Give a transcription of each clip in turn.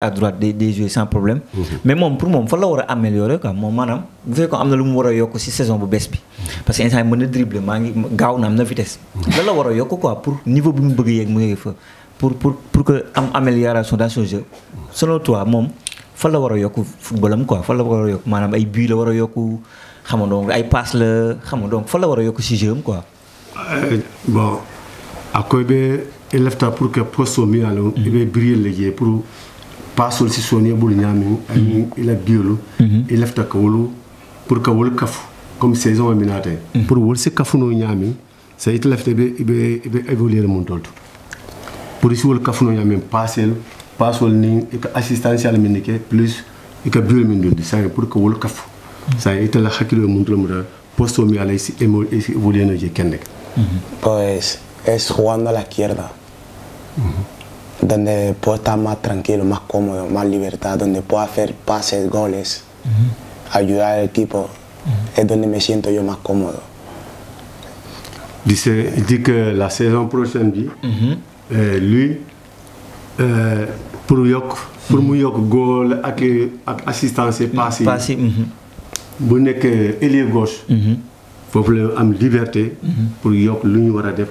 à droite des day jouer sans problème. Mhm. mais moom pour moom fa la war améliorer quoi mon maanaam vous fekkoon am na lu mu war a ci saison bu bees bi. parce que instant yii mën na dribbler maa ngi na vitesse. Mhm. lan la war a quoi pour niveau bi mu bëgg yeeg mu yegg fa pour pour pour que am amélioration dans ce jeu. selon toi moom fa la war a yokk footballam quoi fa la war a yokk maanaam ay buts la war a yokk xam nga donc ay passes la xam nga donc fa la war a ci jeu quoi. Euh, bon Akoy be il pour que Poste Milan. il briller pour. paso si sonia biolu ila fta pour kafu comme saison pour wol se kafu no ñamin sa itla fta be be be pour si wol kafu no ñamin pasel pasol ni ka assistential plus min pour kafu sa hakilo mon mura posto mi ala si no je kenek pues es jugando a la izquierda donde puedo estar más tranquilo, más cómodo, más libertad, donde puedo hacer pases, goles, ayudar al equipo, es donde me siento yo más cómodo. Dice, que la saison prochaine, dit, lui, euh, pour pour goal, ak, ak assistance passe, gauche. liberté. pour yo, def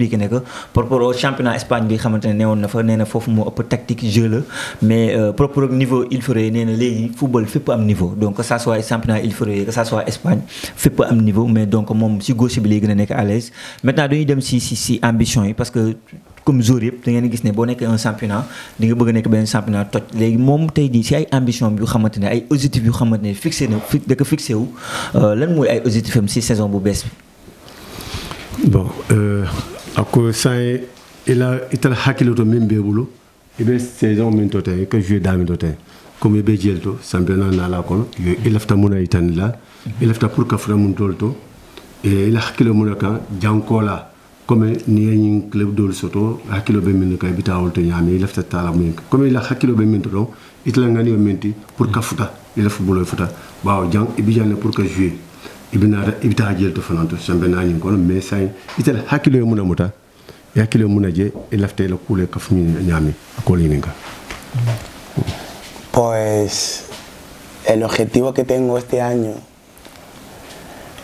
expliqué que par rapport au championnat Espagne bi xamantene ne newoon na fa nee na foofu moo tactique jeu le mais euh, par rapport au niveau il ferait nee na football fépp am niveau donc que ça soit championnat il ferait que ça soit Espagne fépp am niveau mais donc mom si gauche bi lay gën a à l'aise maintenant dañuy dem si si si ambition yi parce que comme jour yep da ngeen gis ne boo un championnat di nga bëgg a ben championnat toj léegi mom tay di si ay ambition yu xamantene ay objectifs yu xamantene ne fixé na fi da ko fixé wu euh, lan moy ay objectifs am si saison bu bess bi. bon. Euh, a ko san ye i la i taara hakili to min b'i bolo i be saison min to tan i ka jouer daa min to tan comme i be jeli to championnat na kono yo i e lafita mun na i la i lafita pour ka fura mun dɔl to i la hakkilo mun na kan jankola la comme ni ye ɲin club dɔl soto hakkilo be min kan i bɛ taa to ɲaami i lafita taa la mun comme i la hakkilo be min to dɔn itala tila ŋani min ti pour ka futa i la football futa bawo jan i e bijane pour ka jouer Pues el objetivo que tengo este año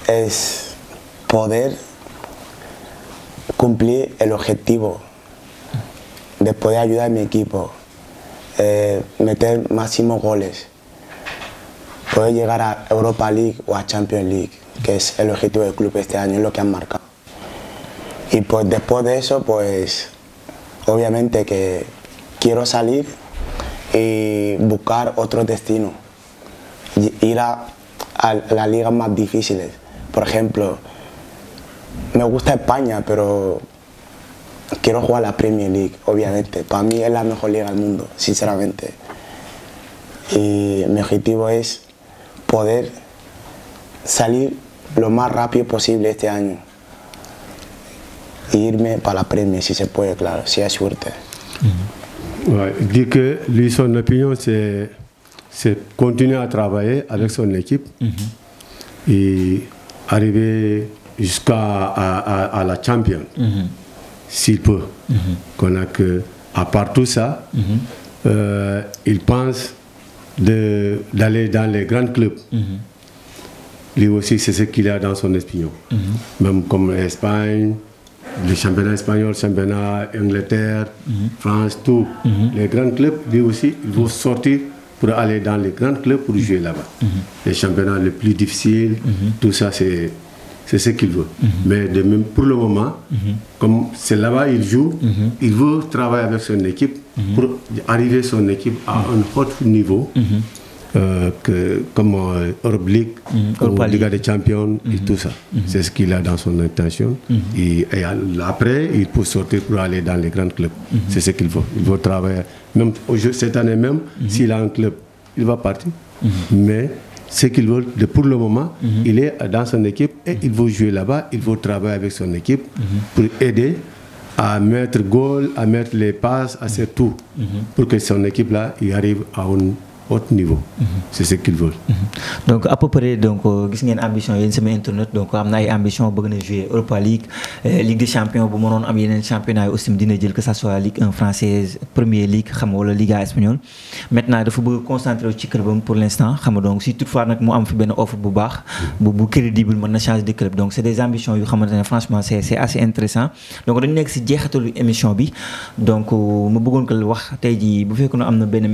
es poder cumplir el objetivo de poder ayudar a mi equipo, eh, meter máximos goles poder llegar a Europa League o a Champions League, que es el objetivo del club este año, es lo que han marcado. Y pues después de eso, pues obviamente que quiero salir y buscar otro destino. ir a, las ligas más difíciles. Por ejemplo, me gusta España, pero quiero jugar la Premier League, obviamente. Para mí es la mejor liga del mundo, sinceramente. Y mi objetivo es poder salir lo más rápido posible este año. E irme para la premia, si se puede, claro, si hay suerte. Mm que lui, son es continuar a trabajar con avec son y llegar -hmm. arriver jusqu'à la champion, s'il peut. que, à part tout ça, d'aller dans les grands clubs. Mhm. Lui aussi, c'est ce qu'il a dans son espion. Mhm. Même comme l'Espagne, le championnats espagnols le championnat Angleterre, mhm. France, tout. Les grands clubs, lui aussi, il vont sortir pour aller dans les grands clubs pour jouer là-bas. Les championnats les plus difficiles, tout ça, c'est c'est ce qu'il veut. Mais de même, pour le moment, comme c'est là-bas il joue, il veut travailler avec son équipe Mhm. pour arriver son équipe à mhm. un autre niveau. Mhm. Euh, que, comme euh, Europe League, comme Ligue des Champions et tout ça. C'est ce qu'il a dans son intention. Et, après, il peut sortir pour aller dans les grands clubs. C'est ce qu'il veut. Il veut travailler. Même cette année même, s'il a un club, il va partir. Mais ce qu'il veut. Pour le moment, il est dans son équipe et il veut jouer là-bas, il veut travailler avec son équipe pour aider à mettre goal, à mettre les passes, à faire tout mhm. pour que son équipe-là y arrive à un haut niveau. Mhm. c'est ce qu'ils veulent. Mhm. donc à peu près donc a euh, une ambition une semaine internet donc on a une ambition de jouer Europa League euh, Ligue des champions pour mënoon am un championnat aussi que ça soit la Ligue 1 française Premier League comme la Liga espagnole. maintenant faut bëgg concentrer le club pour l'instant. donc si toutefois nag mu am fi offre bu baax. Mm. bu crédible pour na changer de club donc c'est des ambitions franchement c'est assez intéressant donc le nekk si jeexitalu émission bi donc je que le wax tey jii bu fekkoon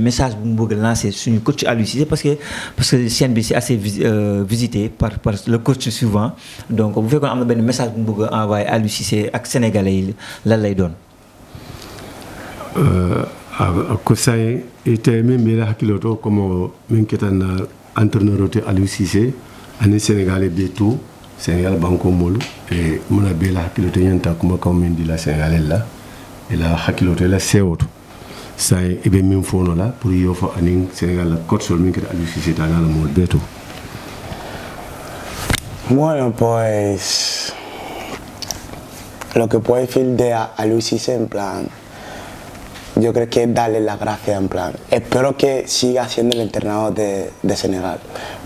message bu vous bëgg lancer suñu coach Aliou Cissé parce que parce que chaîne bi c'est assez euh, visité par par le coach souvent donc vous fekkoon am na benn message bu mu envoyer a envoyé Aliou Cissé ak sénégalais là, lan lay doon. kosaye iteme mbela hakkilo to komo min ketanna entraîneur te aliou sisé ani sénégalais be sénégal banko molu e muna bela hakkilo to ñanta kuma kaw min dila sénégalais la ila hakkilo to ila sewoto say fono bueno pues lo que puedo decir de Luis Hice en plan yo creo que es darle las gracias en plan espero que siga siendo el entrenador de, Senegal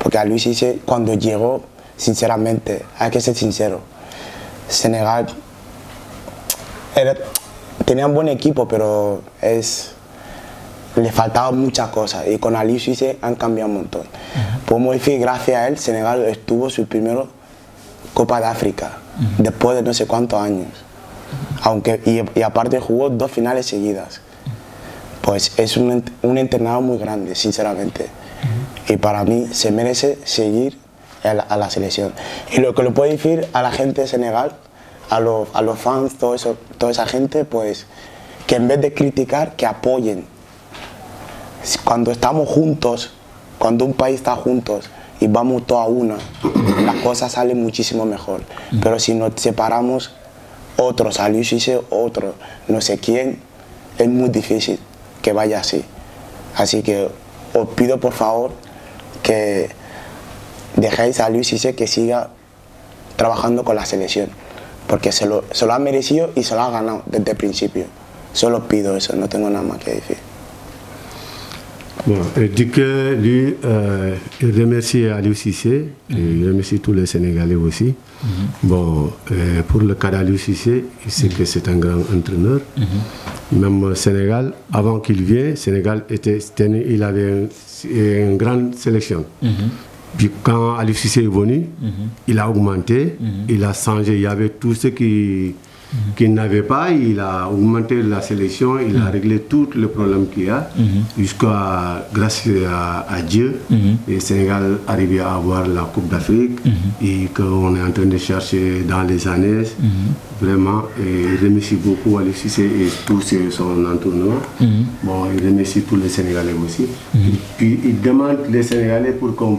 porque a Luis Hice cuando llegó sinceramente hay que ser sincero Senegal tenía un buen equipo pero es le faltaban muchas cosas y con Ali Suisse han cambiado un montón. Pues Podemos decir gracias a él Senegal estuvo su primera Copa de África después de no sé cuántos años. Aunque, y, aparte jugó dos finales seguidas. Pues es un, entrenador muy grande, sinceramente. Y para mí se merece seguir a la, selección. Y lo que le puedo decir a la gente de Senegal, a los, a los fans, todo eso, toda esa gente, pues que en vez de criticar, que apoyen cuando estamos juntos, cuando un país está juntos y vamos todos a una, las cosas salen muchísimo mejor. Pero si nos separamos, otro salió dice otro, no sé quién, es muy difícil que vaya así. Así que os pido por favor que dejéis a Luis sé que siga trabajando con la selección, porque se lo, se lo ha merecido y se lo ha ganado desde el principio. Solo pido eso, no tengo nada más que decir. Bon, et que lui, il remercie Aliou Sissé, remercie tous les Sénégalais aussi. Mhm. Bon, euh, pour le cas d'Aliou Sissé, il sait que c'est un grand entraîneur. Mhm. Même euh, Sénégal, avant qu'il vienne, Sénégal était, il avait une, grande sélection. Mhm. Puis quand Aliou est venu, il a augmenté, il a changé. Il y avait tout ce qui qu'il n'avait pas. Il a augmenté la sélection, il a mm-hmm. réglé tous les problèmes qu'il y a, mm-hmm. jusqu'à, grâce à, Dieu, le mm-hmm. Sénégal arrivé à avoir la Coupe d'Afrique et qu'on est en train de chercher dans les années. Vraiment, et je remercie beaucoup Alexis et tous son entournement. Bon, il remercie tous les Sénégalais aussi. Puis il demande les Sénégalais pour qu'on.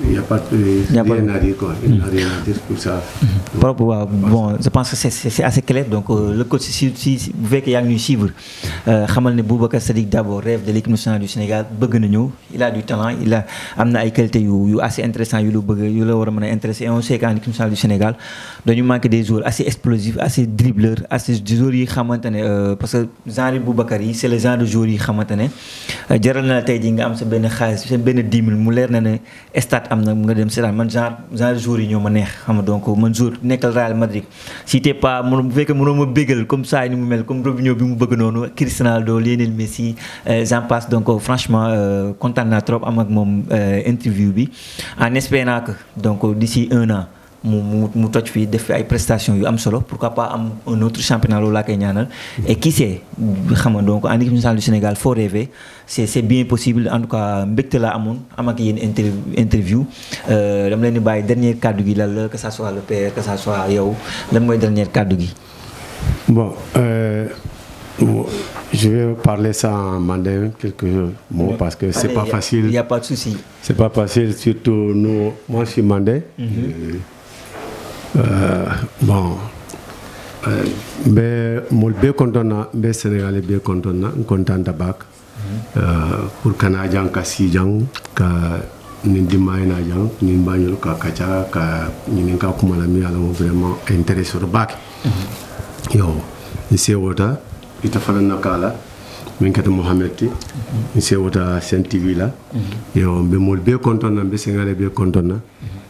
Il n'y a pas de rien à dire, quoi. Il n'y a rien à dire pour ça. Donc, bon, je pense que c'est assez clair. Donc, euh, le coach, si, vous voulez qu'il y a une suivre, Khamal euh, Boubacar Sadik d'abord rêve de l'équipe nationale du Sénégal, il a du talent, il a amené des qualités assez intéressant il a intéressé. Et on sait qu'en équipe nationale du Sénégal, donc, il manque des joueurs assez explosifs, assez dribbleurs, assez des joueurs qui euh, parce que Zanri Boubakari, c'est le genre de joueur qui euh, Jaral na tay di nga am sa ben xaliss sa ben 10000 mu leer na ne stade am na nga dem seetaan man genre genre jour yi ñoo ma neex xam nga donc man jour nekkal Real Madrid si t'es pas mu bu fekkee mënoo ma bégal comme ça ni mu mel comme Robinho bi mu bëgg noonu Cristiano Ronaldo Lionel Messi euh, j'en passe donc euh, franchement euh, kontaan trop am ak moom interview bi en espérant que donc d'ici un an. mu mu des toj def fi ay prestations yu am solo pourquoi pas am un autre championnat loolu laa koy ñaanal. et qui sait xam donc en équipe nationale du Sénégal faut rêver C'est bien possible en tout cas mbégte laa amoon am ak yéen interview euh, dama leen di bàyyi dernier kàddu gi lan la que ça soit le père que ça soit yow lan mooy dernier kàddu gi. bon euh, je vais parler ça en quelques mots parce que c'est pas facile. Il n'y a pas de souci. C'est pas facile, surtout nous. Moi, je suis mandin. Mhm. Euh, bon n euh, bɛ molu bɛɛ kɔntɔn na n bɛ senegali bɛɛ kɔntɔn na n kɔntan tabak euh, pour kana jan ka sijan ka nin dimbaye na jan nin baɲolu ka ka ka ɲinin ka kuma la alamu vraiment intérêt sɔrɔ ba mhm. yo n se wota ita fana na k'a la min kɛta mohamɛd ti mhm. n se wota sen tv la mhm. yo n bɛ molu bɛɛ na n bɛ senegali bɛɛ na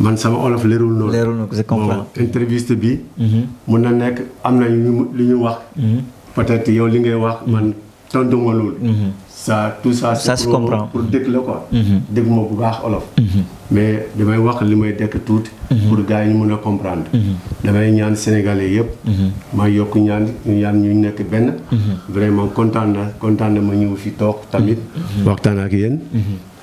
man sama olof leerul loolu. leerul na ko interviste bi. Mhm. mun na nekk am na lu ñu wax. Mhm. peut-être yow li ngay wax man tontu ma loolu. Mhm. tout sa ça se comprend pour dëkk la quoi. dëgg ma bu baax olof. mais damay wax li may dekk tuuti. pour gars yi ñu mën a comprendre. damay ñaan sénégalais yëpp. ma yokk ñaan ñaan ñu nekk benn. vraiment kontaan na kontaan na ma ñëw fi toog tamit. waxtaan ak yéen.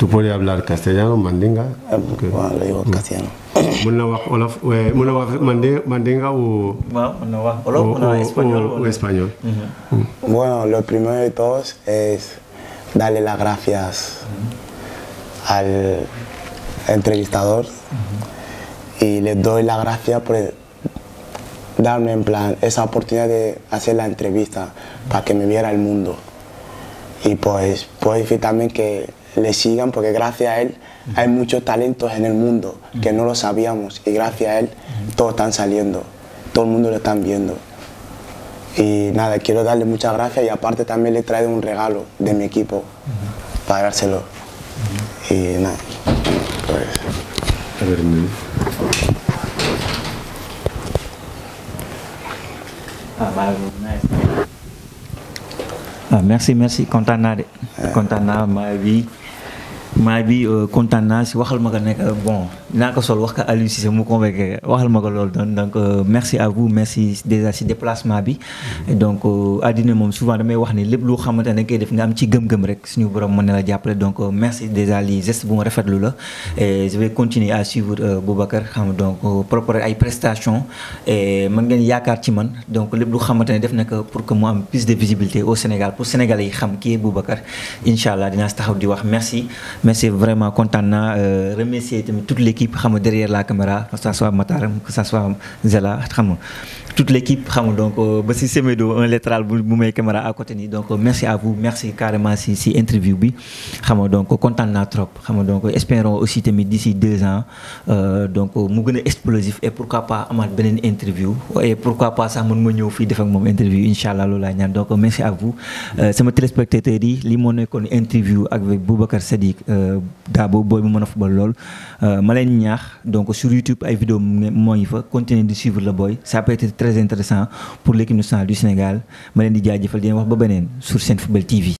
¿Tú puedes hablar castellano, mandinga? Ah, bueno, lo digo mm. castellano. Eh, mandinga o, español. Mm. Bueno, lo primero de todos es darle las gracias al entrevistador y le doy las gracias por darme en plan esa oportunidad de hacer la entrevista para que me viera el mundo y pues puedo decir también que le sigan porque gracias a él hay muchos talentos en el mundo que no lo sabíamos y gracias a él todos están saliendo, todo el mundo lo están viendo. Y nada, quiero darle muchas gracias y aparte también le traigo un regalo de mi equipo para dárselo. Y nada, pues... A ver, ah, Merci, merci. maa bi euh, kontaan naa si waxal ma ka nekk bon naa sol wax ko Aliou Cissé mu convaincu waxal ma donc euh, merci à vous merci déjà si déplacement bi mm-hmm. donc Adine euh, moom souvent damay wax ni lépp lu xamante ne koy def nga am ci gëm-gëm rek suñu borom la jàppale donc euh, merci déjà les gestes bu ma rafetlu la mm-hmm. et je vais continuer à suivre Boubacar xam donc proposer ay prestations et mën ngeen yaakaar ci man donc lépp lu xamante ne def na pour que moi am plus de visibilité au Sénégal pour Sénégalais yi xam kii Boubacar incha allah dinaa taxaw di wax merci merci vraiment kontaan naa remercier tamit toute l'équipe équipe derrière la caméra que ce soit Matar que ce soit Zela toute l'équipe xam donc euh, ba si Semedo un latéral bu may caméra à côté donc euh, merci à vous merci carrément si si interview bi donc content na trop donc espérons aussi tamit d'ici deux ans euh, donc mu gën explosif et pourquoi pas amad benen interview et pourquoi pas sax mën ma fi fii def ak interview Inch'Allah, lola loolu ñaan donc merci à vous sama mon yi li moo kon interview avec Boubacar euh, Dabo boy mon mën football lool Euh, Malen ñaax donc sur YouTube ay vidéo moo ngi fa continuer de suivre le boy ça peut être très intéressant pour l'équipe nationale du Sénégal TV